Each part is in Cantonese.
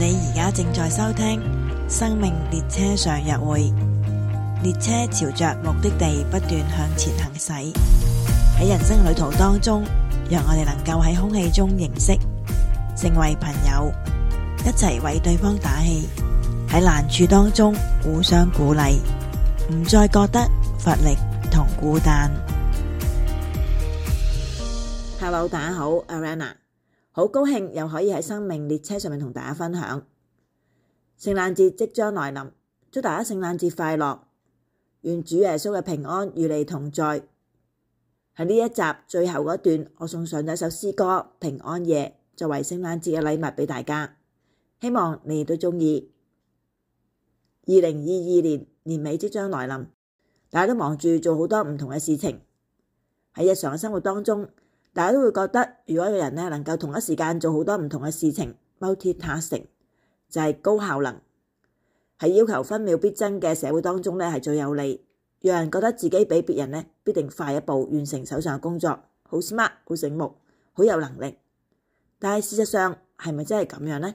你而家正在收聽《生命列車上入會》，列車朝着目的地不斷向前行駛。喺人生旅途當中，讓我哋能夠喺空氣中認識，成為朋友，一齊為對方打氣。喺難處當中互相鼓勵，唔再覺得乏力同孤單。Hello，大家好，Rana。好高興又可以喺生命列車上面同大家分享，聖誕節即將來臨，祝大家聖誕節快樂，願主耶穌嘅平安與你同在。喺呢一集最後嗰段，我送上咗一首詩歌《平安夜》作為聖誕節嘅禮物俾大家，希望你哋都中意。二零二二年年尾即將來臨，大家都忙住做好多唔同嘅事情，喺日常嘅生活當中。大家都會覺得，如果一個人咧能夠同一時間做好多唔同嘅事情，multi-tasking 就係高效能，喺要求分秒必爭嘅社會當中咧係最有利，讓人覺得自己比別人咧必定快一步完成手上嘅工作，好 smart，好醒目，好有能力。但係事實上係咪真係咁樣咧？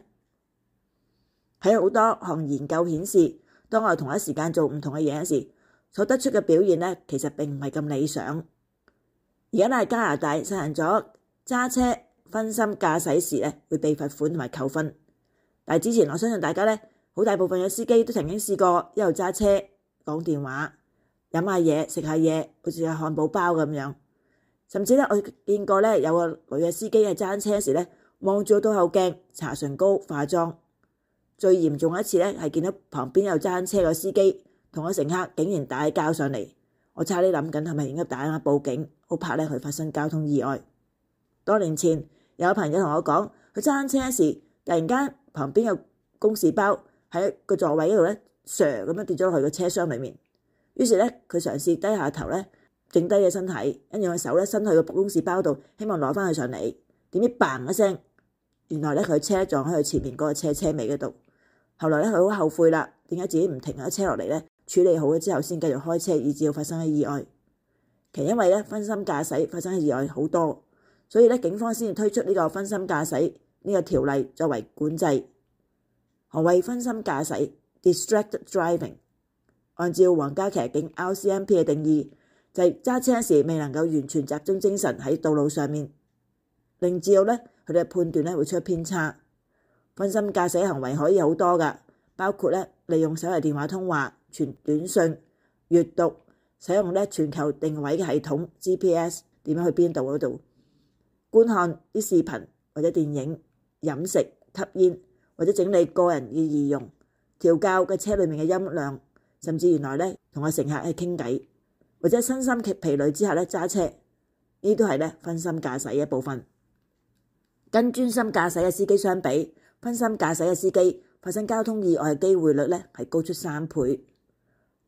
喺好多項研究顯示，當我哋係同一時間做唔同嘅嘢時，所得出嘅表現咧，其實並唔係咁理想。而家咧喺加拿大實行咗揸車分心駕駛時咧會被罰款同埋扣分。但係之前我相信大家咧好大部分嘅司機都曾經試過一路揸車講電話、飲下嘢、食下嘢，好似係漢堡包咁樣。甚至咧我見過咧有個女嘅司機喺揸車時咧望住個倒後鏡、搽唇膏、化妝。最嚴重一次咧係見到旁邊有揸車嘅司機同個乘客竟然打起交上嚟。我差啲諗緊係咪應該打電話報警，好怕咧佢發生交通意外。多年前有朋友同我講，佢揸緊車時，突然間旁邊有公事包喺個座位呢度咧，shot 咁樣跌咗落去個車廂裏面。於是咧，佢嘗試低下頭咧，整低嘅身體，跟住用手咧伸去個公事包度，希望攞翻佢上嚟。點知嘭一聲，原來咧佢車撞喺佢前面嗰個車車尾嗰度。後來咧佢好後悔啦，點解自己唔停下車落嚟咧？處理好咗之後，先繼續開車，以至要發生嘅意外。其因為咧分心駕駛發生嘅意外好多，所以咧警方先推出呢個分心駕駛呢個條例作為管制。何謂分心駕駛 （distracted driving）？按照皇家騎警 RCMP 嘅定義，就係揸車時未能夠完全集中精神喺道路上面，令至到咧佢哋嘅判斷咧會出偏差。分心駕駛行為可以好多㗎，包括咧，利用手提電話通話。傳短信、閱讀、使用咧全球定位嘅系統 GPS，點樣去邊度嗰度？觀看啲視頻或者電影、飲食、吸煙或者整理個人嘅儀容、調校嘅車裏面嘅音量，甚至原來咧同個乘客去傾偈，或者身心疲累之下咧揸車，呢都係咧分心駕駛嘅一部分。跟專心駕駛嘅司機相比，分心駕駛嘅司機發生交通意外嘅機會率咧係高出三倍。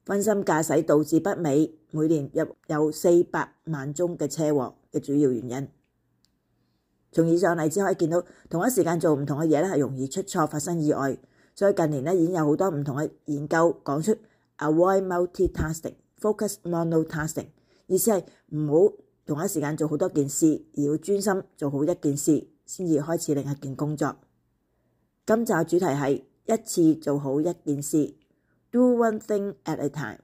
分心駕駛導致北美，每年有四百萬宗嘅車禍嘅主要原因。從以上例子可以見到，同一時間做唔同嘅嘢咧，係容易出錯，發生意外。所以近年咧已經有好多唔同嘅研究講出 avoid multitasking，focus monotasking，意思係唔好同一時間做好多件事，而要專心做好一件事先至開始另一件工作。今集主題係一次做好一件事。Do one thing at a time。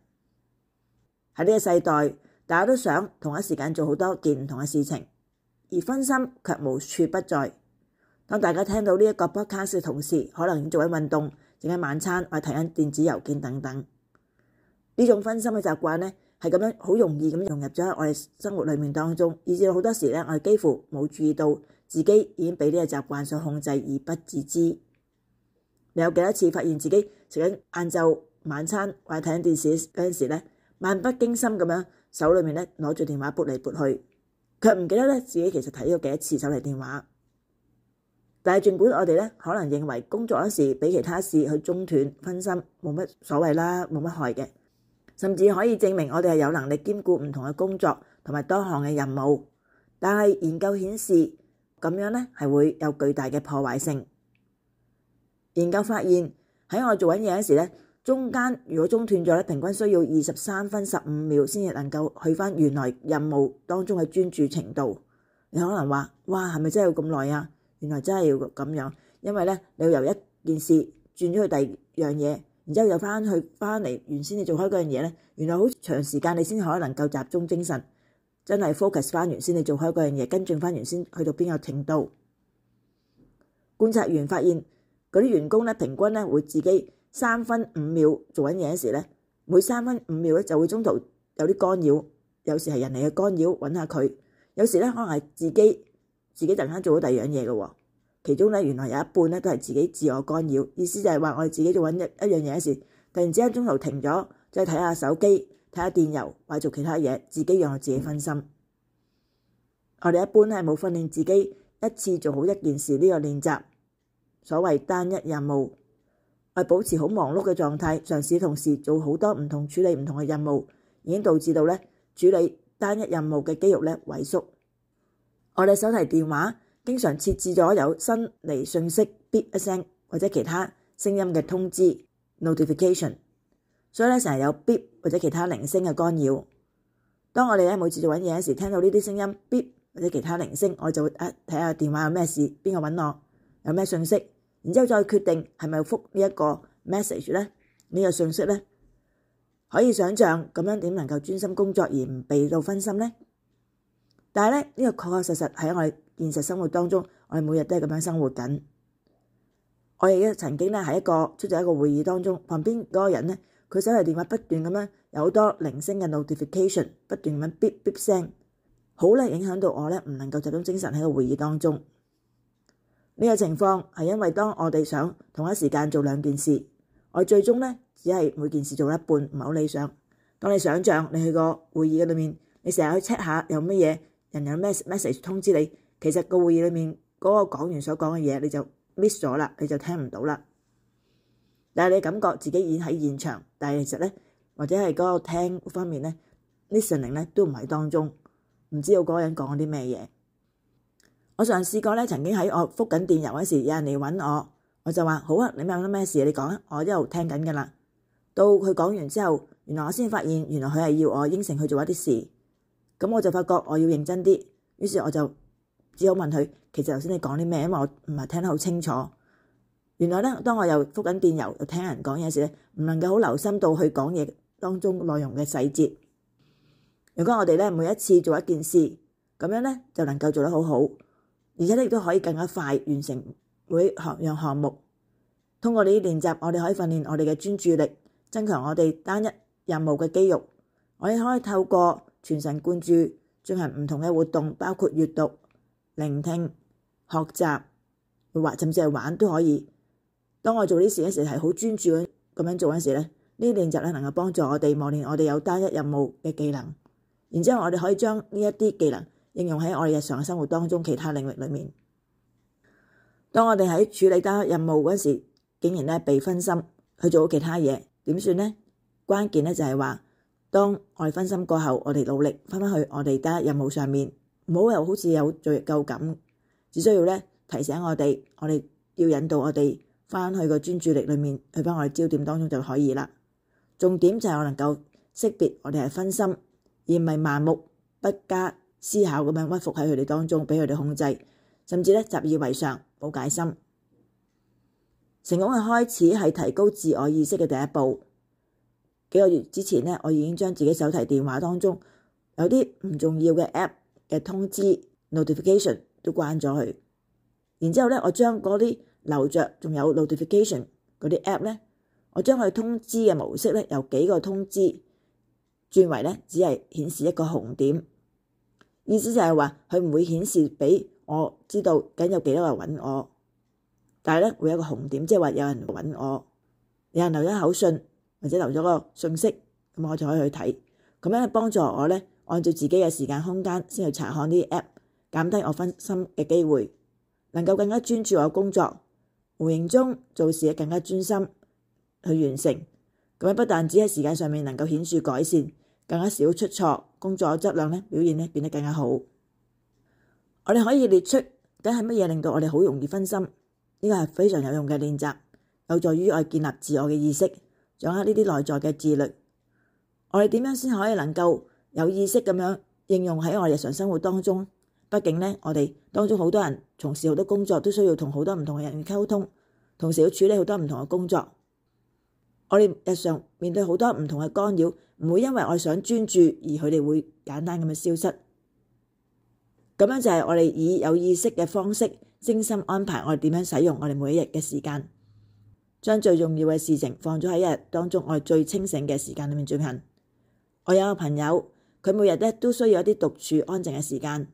喺呢個世代，大家都想同一時間做好多件唔同嘅事情，而分心卻無處不在。當大家聽到呢一個 podcast 嘅同時，可能已經做緊運動、整緊晚餐、或睇緊電子郵件等等。呢種分心嘅習慣呢，係咁樣好容易咁融入咗喺我哋生活裏面當中，以致好多時呢，我哋幾乎冇注意到自己已經俾呢個習慣所控制而不自知。你有幾多次發現自己曾經晏晝、晚餐或者睇緊電視嗰陣時咧，漫不經心咁樣手裏面咧攞住電話撥嚟撥去，卻唔記得咧自己其實睇咗幾多次手提電話。但係，儘管我哋咧可能認為工作嗰時俾其他事去中斷分心，冇乜所謂啦，冇乜害嘅，甚至可以證明我哋係有能力兼顧唔同嘅工作同埋多項嘅任務。但係研究顯示咁樣咧係會有巨大嘅破壞性。研究發現喺我做緊嘢嗰陣時咧。中間如果中斷咗咧，平均需要二十三分十五秒先至能夠去翻原來任務當中嘅專注程度。你可能話，哇，係咪真係要咁耐啊？原來真係要咁樣，因為咧，你要由一件事轉咗去第二樣嘢，然之後又翻去翻嚟原先你做開嗰樣嘢咧，原來好長時間你先可能夠集中精神，真係 focus 翻原先你做開嗰樣嘢，跟進翻原先去到邊個程度。觀察員發現嗰啲員工咧，平均咧會自己三分五秒做緊嘢時咧，每三分五秒咧就會中途有啲干擾，有時係人哋嘅干擾揾下佢，有時咧可能係自己自己突然間做好第二樣嘢嘅喎。其中咧原來有一半咧都係自己自我干擾，意思就係話我哋自己做緊一一樣嘢時，突然之間中途停咗，再睇下手機、睇下電郵或者做其他嘢，自己讓我自己分心。我哋一般係冇訓練自己一次做好一件事呢個練習，所謂單一任務。係保持好忙碌嘅狀態，嘗試同時做好多唔同處理唔同嘅任務，已經導致到咧處理單一任務嘅肌肉咧萎縮。我哋手提電話經常設置咗有新嚟信息嗶一聲，或者其他聲音嘅通知 notification，所以咧成日有嗶或者其他鈴聲嘅干擾。當我哋咧每次做緊嘢嘅時，聽到呢啲聲音嗶，或者其他鈴聲，我就會啊睇下電話有咩事，邊個揾我，有咩信息。，然之後再決定係咪覆呢一個 message 咧，呢、這個信息咧，可以想象咁樣點能夠專心工作而唔被到分心呢？但係咧，呢、這個確確實實喺我哋現實生活當中，我哋每日都係咁樣生活緊。我亦都曾經咧喺一個出席一個會議當中，旁邊嗰個人咧，佢手提電話不斷咁樣有好多鈴聲嘅 notification，不斷咁樣 beep beep 聲，好咧影響到我咧唔能夠集中精神喺個會議當中。呢個情況係因為當我哋想同一時間做兩件事，我最終呢只係每件事做一半，唔係好理想。當你想象你去個會議嘅裏面，你成日去 check 下有乜嘢，人有 message message 通知你，其實個會議裏面嗰個講員所講嘅嘢，你就 miss 咗啦，你就聽唔到啦。但係你感覺自己已經喺現場，但係其實呢，或者係嗰個聽方面呢，listening 咧都唔喺當中，唔知道嗰個人講咗啲咩嘢。我嘗試過咧，曾經喺我覆緊電郵嗰時，有人嚟搵我，我就話好啊，你咪有咩事？你講啊，我一路聽緊噶啦。到佢講完之後，原來我先發現，原來佢係要我應承去做一啲事。咁我就發覺我要認真啲，於是我就只好問佢，其實頭先你講啲咩？因為我唔係聽得好清楚。原來咧，當我又覆緊電郵，又聽人講嘢時咧，唔能夠好留心到佢講嘢當中內容嘅細節。如果我哋咧每一次做一件事，咁樣咧就能夠做得好好。而且咧，亦都可以更加快完成每一樣項目。通過呢啲練習，我哋可以訓練我哋嘅專注力，增強我哋單一任務嘅肌肉。我哋可以透過全神貫注進行唔同嘅活動，包括閱讀、聆聽、學習，或甚至係玩都可以。當我做呢啲事嗰時，係好專注咁樣做嘅時咧，呢啲練習咧能夠幫助我哋磨練我哋有單一任務嘅技能。然之後，我哋可以將呢一啲技能。應用喺我哋日常生活當中，其他領域裏面。當我哋喺處理單任務嗰時候，竟然被分心去做好其他嘢，點算呢？關鍵咧就係話，當我哋分心過後，我哋努力返返去我哋單任務上面，唔好又好似有罪疚感。只需要提醒我哋，我哋要引導我哋返去個專注力裏面，去翻我哋焦點當中就可以啦。重點就係我能夠識別我哋係分心而唔係盲目不假。思考咁樣屈服喺佢哋當中，俾佢哋控制，甚至咧習以為常，冇戒心。成功嘅開始係提高自我意識嘅第一步。幾個月之前咧，我已經將自己手提電話當中有啲唔重要嘅 App 嘅通知 Notification 都關咗佢。然之後咧，我將嗰啲留着，仲有 Notification 嗰啲 App 咧，我將佢通知嘅模式咧，由幾個通知轉為咧，只係顯示一個紅點。意思就係話佢唔會顯示畀我知道，咁有幾多人搵我，但係咧會有一個紅點，即係話有人搵我，有人留咗口信或者留咗個信息，咁我就可以去睇，咁樣幫助我咧，按照自己嘅時間空間先去查看呢啲 app，減低我分心嘅機會，能夠更加專注我工作，無形中做事更加專心去完成，咁樣不但只喺時間上面能夠顯著改善。更加少出錯，工作嘅質量咧，表現咧變得更加好。我哋可以列出梗係乜嘢令到我哋好容易分心？呢個係非常有用嘅練習，有助於我哋建立自我嘅意識，掌握呢啲內在嘅自律。我哋點樣先可以能夠有意識咁樣應用喺我哋日常生活當中？畢竟呢，我哋當中好多人從事好多工作，都需要同好多唔同嘅人員溝通，同時要處理好多唔同嘅工作。我哋日常面對好多唔同嘅干擾。唔會因為我想專注而佢哋會簡單咁樣消失，咁樣就係我哋以有意識嘅方式，精心安排我哋點樣使用我哋每一日嘅時間，將最重要嘅事情放咗喺一日當中我哋最清醒嘅時間裏面進行。我有一個朋友，佢每日咧都需要一啲獨處安靜嘅時間，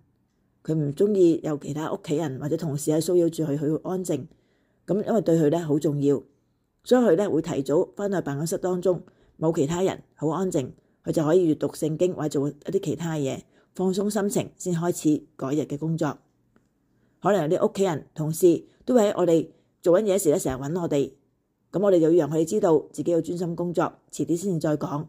佢唔中意有其他屋企人或者同事喺騷擾住佢，佢會安靜。咁因為對佢咧好重要，所以佢咧會提早翻去辦公室當中。冇其他人，好安靜，佢就可以閱讀聖經或者做一啲其他嘢，放鬆心情，先開始改日嘅工作。可能有啲屋企人、同事都會喺我哋做緊嘢時咧，成日揾我哋，咁我哋就要讓佢哋知道自己要專心工作，遲啲先至再講。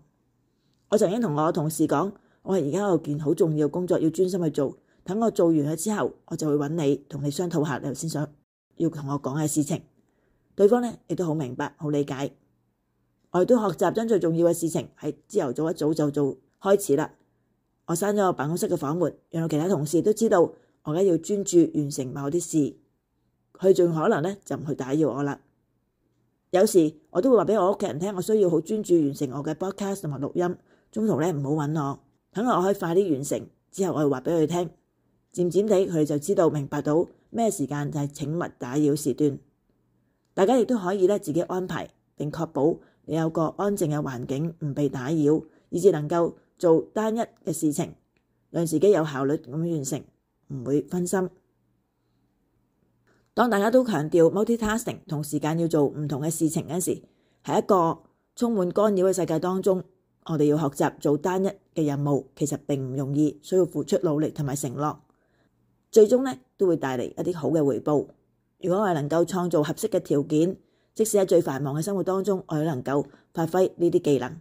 我曾經同我同事講，我係而家有件好重要嘅工作要專心去做，等我做完咗之後，我就會揾你，同你商討下你頭先想要同我講嘅事情。對方咧亦都好明白、好理解。我哋都學習將最重要嘅事情喺朝頭早一早就做開始啦。我閂咗我辦公室嘅房門，讓其他同事都知道我而家要專注完成某啲事。佢盡可能咧就唔去打擾我啦。有時我都會話俾我屋企人聽，我需要好專注完成我嘅 podcast 同埋錄音，中途咧唔好揾我，等我可以快啲完成之後，我話俾佢聽，漸漸地佢哋就知道明白到咩時間就係請勿打擾時段。大家亦都可以咧自己安排並確保，你有個安靜嘅環境，唔被打擾，以至能夠做單一嘅事情，讓自己有效率咁完成，唔會分心。當大家都強調 multi-tasking 同時間要做唔同嘅事情嗰時，係一個充滿干擾嘅世界當中，我哋要學習做單一嘅任務，其實並唔容易，需要付出努力同埋承諾，最終呢都會帶嚟一啲好嘅回報。如果我哋能夠創造合適嘅條件，即使喺最繁忙嘅生活當中，我亦能夠發揮呢啲技能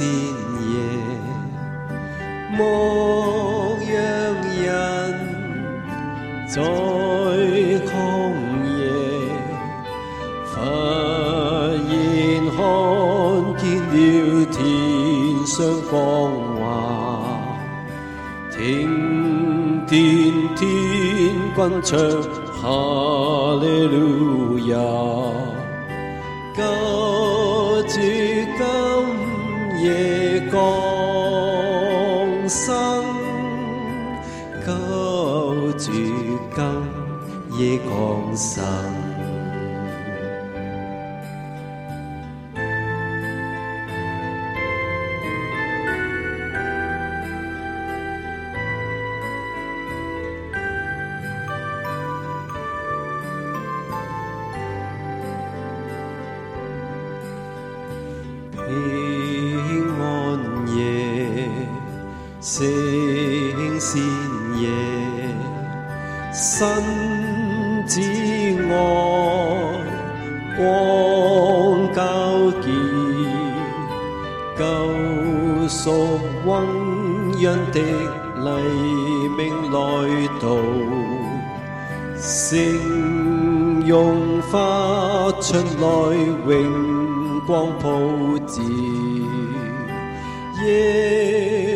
天夜牧羊人在曠野，忽然看見了天上光華，聽見天軍唱哈利路亞。夜降生，救主今，夜降生。聖善夜，神子愛，光皎潔，救贖宏恩的黎明花春來到，聖容發出來榮光普照。